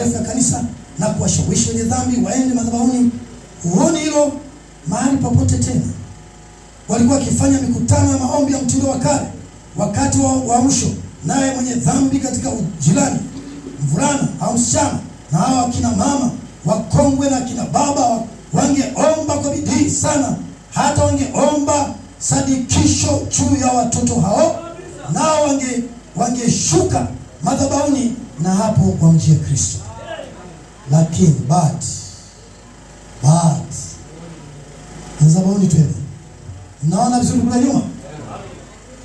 marefu ya kanisa na kuwashawishi wenye dhambi waende madhabahuni. Huoni hilo mahali popote tena. Walikuwa wakifanya mikutano ya maombi ya mtindo wa kale wakati wa uamsho, naye mwenye dhambi katika ujirani, mvulana au msichana, na hao akina mama wakongwe na akina baba wangeomba kwa bidii sana, hata wangeomba sadikisho juu ya watoto hao, nao wangeshuka wange madhabahuni na hapo wamjie Kristo lakini but but nzabaoni twende, naona vizuri kule nyuma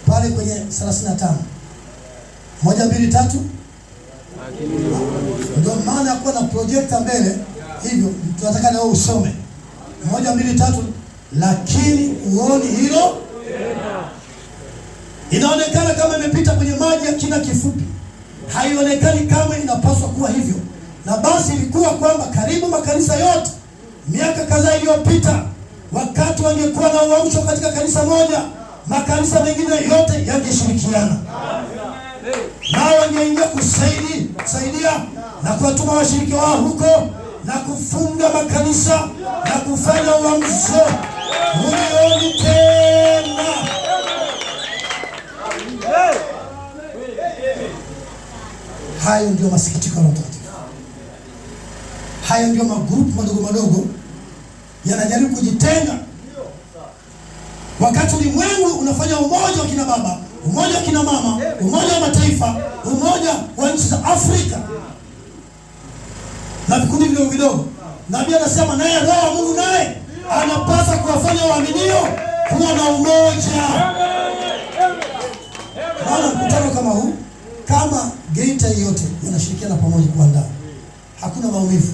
pale kwenye 35 moja mbili tatu, ndio maana ya kuwa na projekta mbele. Hivyo tunataka na usome moja mbili tatu, lakini uoni hilo inaonekana kama imepita kwenye maji ya kina kifupi, haionekani kama inapaswa kuwa hivyo. Na basi ilikuwa kwamba karibu makanisa yote miaka kadhaa iliyopita, wakati wangekuwa na uamsho katika kanisa moja, makanisa mengine yote yangeshirikiana nao, wangeingia kusaidia na kuwatuma washiriki wao huko na kufunga makanisa na kufanya uamsho ulioni tena. Hayo ndio masikitiko yanayotoka Hayo ndio magrupu madogo madogo yanajaribu kujitenga, wakati ulimwengu unafanya umoja wa kina baba, umoja wa kina mama, umoja wa mataifa, umoja wa nchi za Afrika na vikundi vidogo vidogo. nabi anasema naye Roho wa Mungu naye anapasa kuwafanya waaminio kuwa na umoja. Naona mkutano kama huu, kama Geita yote yanashirikiana pamoja kuandaa, hakuna maumivu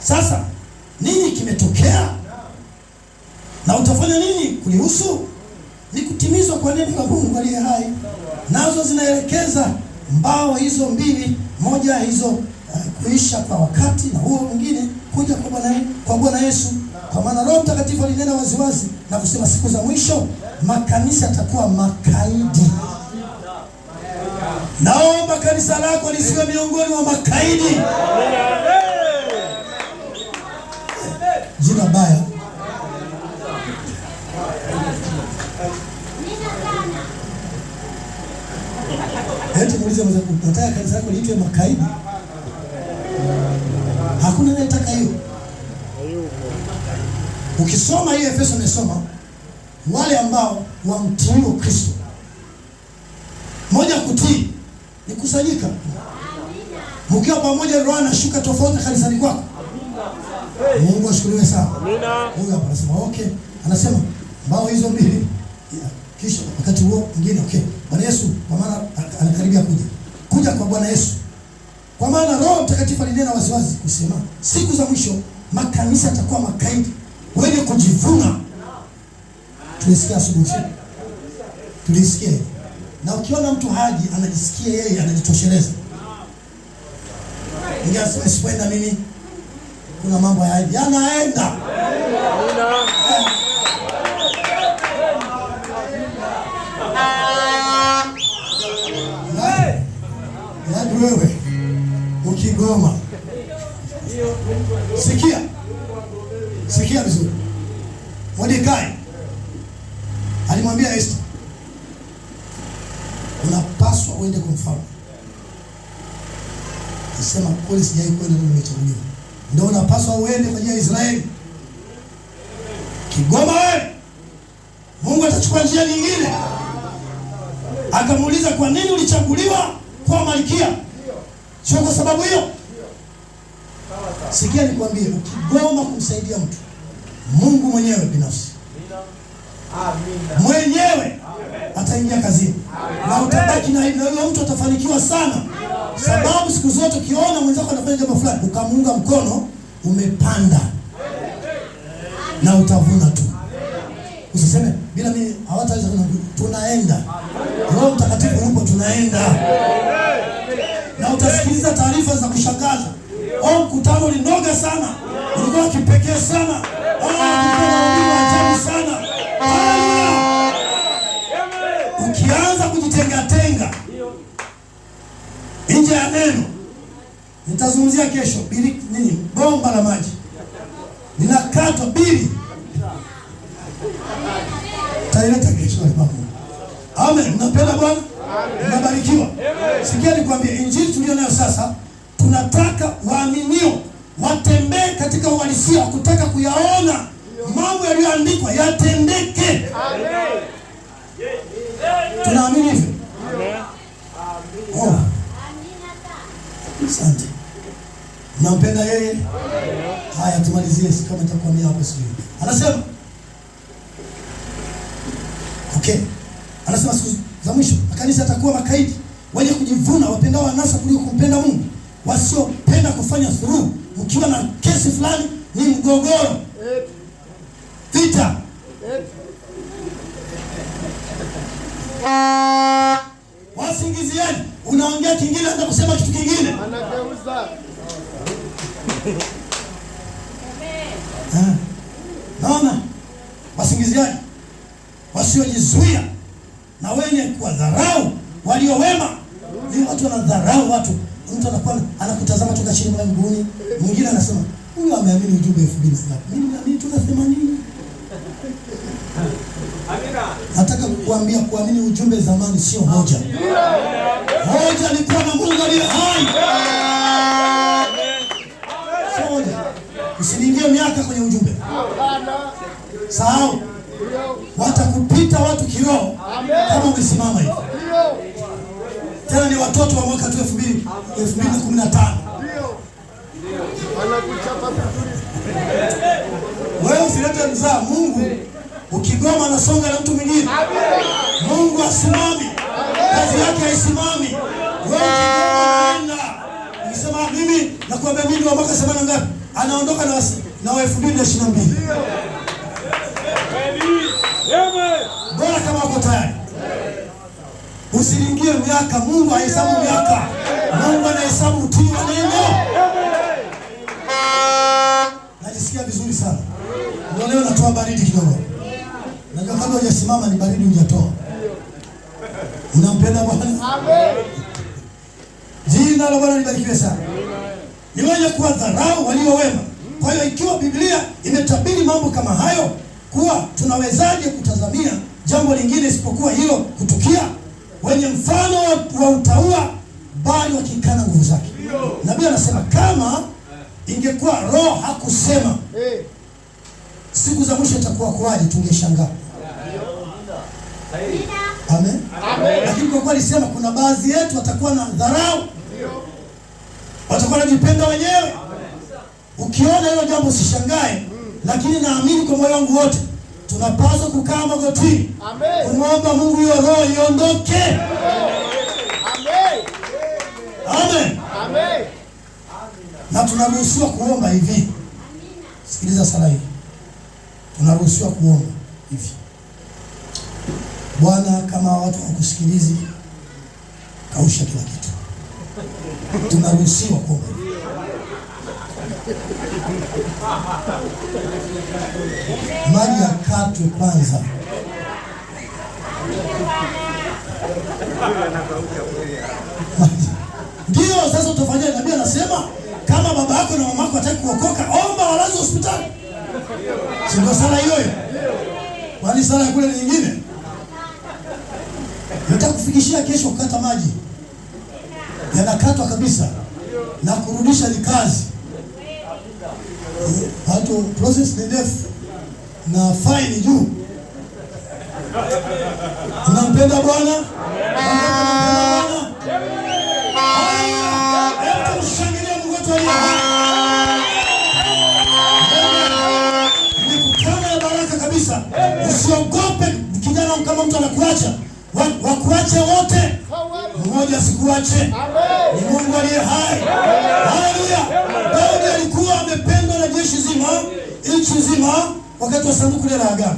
Sasa nini kimetokea na utafanya nini kulihusu? Ni kutimizwa kwa neno la Mungu aliye hai, nazo zinaelekeza mbao hizo mbili, moja hizo uh, kuisha kwa wakati na huo mwingine kuja kwa Bwana kwa Bwana Yesu, kwa maana Roho Mtakatifu alinena waziwazi na kusema siku za mwisho makanisa yatakuwa makaidi. Naomba kanisa lako lisiwe miongoni mwa makaidi. Jina baya nataka kanisa lako liitwe makaidi. Hakuna anayetaka hiyo. Ukisoma hiyo Efeso, amesoma wale ambao wamtii Kristo moja kutii ni kusanyika, ukiwa pamoja, roho anashuka tofauti kanisani kwako. Mungu ashukuriwe sana. Huyu hapa anasema okay, anasema mbao hizo mbili yeah. Kisha wakati huo mwingine okay, Bwana Yesu kwa maana anakaribia kuja kuja kwa Bwana Yesu, kwa maana Roho Mtakatifu alinena waziwazi kusema siku za mwisho makanisa yatakuwa makaidi wenye kujivuna. Tulisikia asubuhi, tulisikia na ukiona mtu haji anajisikia yeye anajitosheleza. Ingia mimi, kuna mambo ya haji anaenda Akasema kweli, sijai kwenda, mimi nimechaguliwa. Ndio unapaswa uende kwa ya Israeli. Kigoma we Mungu atachukua njia nyingine. Akamuuliza, kwa nini ulichaguliwa kwa malkia? Sio kwa sababu hiyo. Sikia nikwambie, ukigoma kumsaidia mtu, Mungu mwenyewe binafsi mwenyewe ataingia kazini na utabaki na hilo. Mtu atafanikiwa sana, sababu siku zote ukiona mwenzako anafanya jambo fulani ukamuunga mkono, umepanda na utavuna tu. Usiseme bila mimi hawataweza. Tunaenda, Roho Mtakatifu yupo, tunaenda na utasikiliza taarifa za kushangaza. Oh, mkutano ulinoga sana, ulikuwa kipekee sana, oh, ajabu sana. neno nitazungumzia kesho bili, nini bomba la maji linakatwa bili, taileta kesho. Amen. napenda Bwana, mnabarikiwa. Sikia nikwambie, injili tulio nayo sasa, tunataka waaminio watembee katika uhalisia wa kutaka kuyaona mambo yaliyoandikwa yatendeke. Tunaamini hivyo Asante. Unampenda yeye? Haya, tumalizie kama nitakwambia hapo siku. Anasema okay, anasema siku za mwisho makanisa yatakuwa makaidi, wenye kujivuna, wapendao wanasa kuliko kumpenda Mungu, wasiopenda kufanya suluhu. ukiwa na kesi fulani, ni mgogoro, vita singizieni, unaongea kingine, anza kusema kitu kingine Naona wasingiziaji wasiojizuia na wenye kuwadharau walio wema. Ni watu wanadharau watu, mtu anakuwa anakutazama toka chini mguuni, mwingine anasema huyu ameamini ujumbe elfu mbili mimi naamini toka themanini Nataka kukuambia kuamini ujumbe zamani sio hoja. Hoja ni kuwa na Mungu aliye hai. Sio Usiniingie miaka kwenye ujumbe. Sahau. Watakupita watu kiroho kama umesimama hivi. Tena ni watoto wa mwaka 2015. Wanakuchapa vizuri. Wewe usilete mzaa Mungu. Ukigoma na songa na mtu mwingine. Mungu asimami. Kazi yake haisimami. Wewe ukigoma na ukisema mimi nakwambia mimi wa mwaka sabini ngapi? Anaondoka na na elfu mbili na ishirini na mbili. Bora kama uko tayari. Usiingie miaka, Mungu ahesabu miaka. asifiwe sana. Ni wenye dharau walio wema. Kwa hiyo ikiwa Biblia imetabiri mambo kama hayo, kuwa tunawezaje kutazamia jambo lingine isipokuwa hilo kutukia? Wenye mfano wa utaua bali wakikana nguvu zake. Nabii anasema kama ingekuwa Roho hakusema siku za mwisho itakuwa kwaje, tungeshangaa. Amen, amen. Lakini kwa kuwa alisema kuna baadhi yetu watakuwa na dharau watakuwa wanajipenda wenyewe. Ukiona hilo jambo usishangae, lakini naamini kwa moyo wangu wote tunapaswa kukaa magotini kumwomba Mungu hiyo roho iondoke. Amen. Amen. Na tunaruhusiwa kuomba hivi, sikiliza sala hii, tunaruhusiwa kuomba hivi: Bwana, kama watu hawakusikilizi, kausha kila kitu tunaruhusiwa kuomba. Maji yakatwe kwanza, ndio sasa utafanyia Nabii anasema kama baba yako na mama yako hataki kuokoka, omba walazi hospitali. sindo sala hiyo hiyo? Kwani sala ya kule nyingine nitakufikishia kesho kukata maji yanakatwa kabisa na kurudisha ni kazi. Hato eh, process ni ndefu na faini juu. Unampenda Bwana? Mshangilie Mungu wetu aliye mikutano ya baraka kabisa. Usiogope kijana, kama mtu anakuacha wakuache wote, mmoja asikuache ni Mungu aliye hai. Haleluya! Daudi alikuwa amependwa na jeshi zima, nchi zima, wakati wa sanduku lile la agano,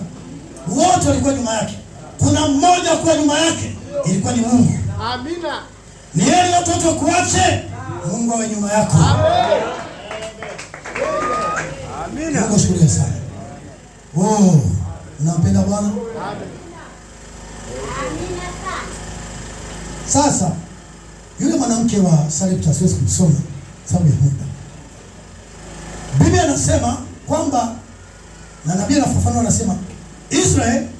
wote walikuwa nyuma yake. Kuna mmoja kuwa nyuma yake, ilikuwa ni Mungu. Amina. Ni heri watoto kuache Mungu awe nyuma yako. Amina. Mungu shukrani sana. Oh, unampenda Bwana? Amina. Sasa yule mwanamke wa Sarepta siwezi kumsoma sababu ya muda. Biblia anasema kwamba na nabii anafafanua, anasema Israeli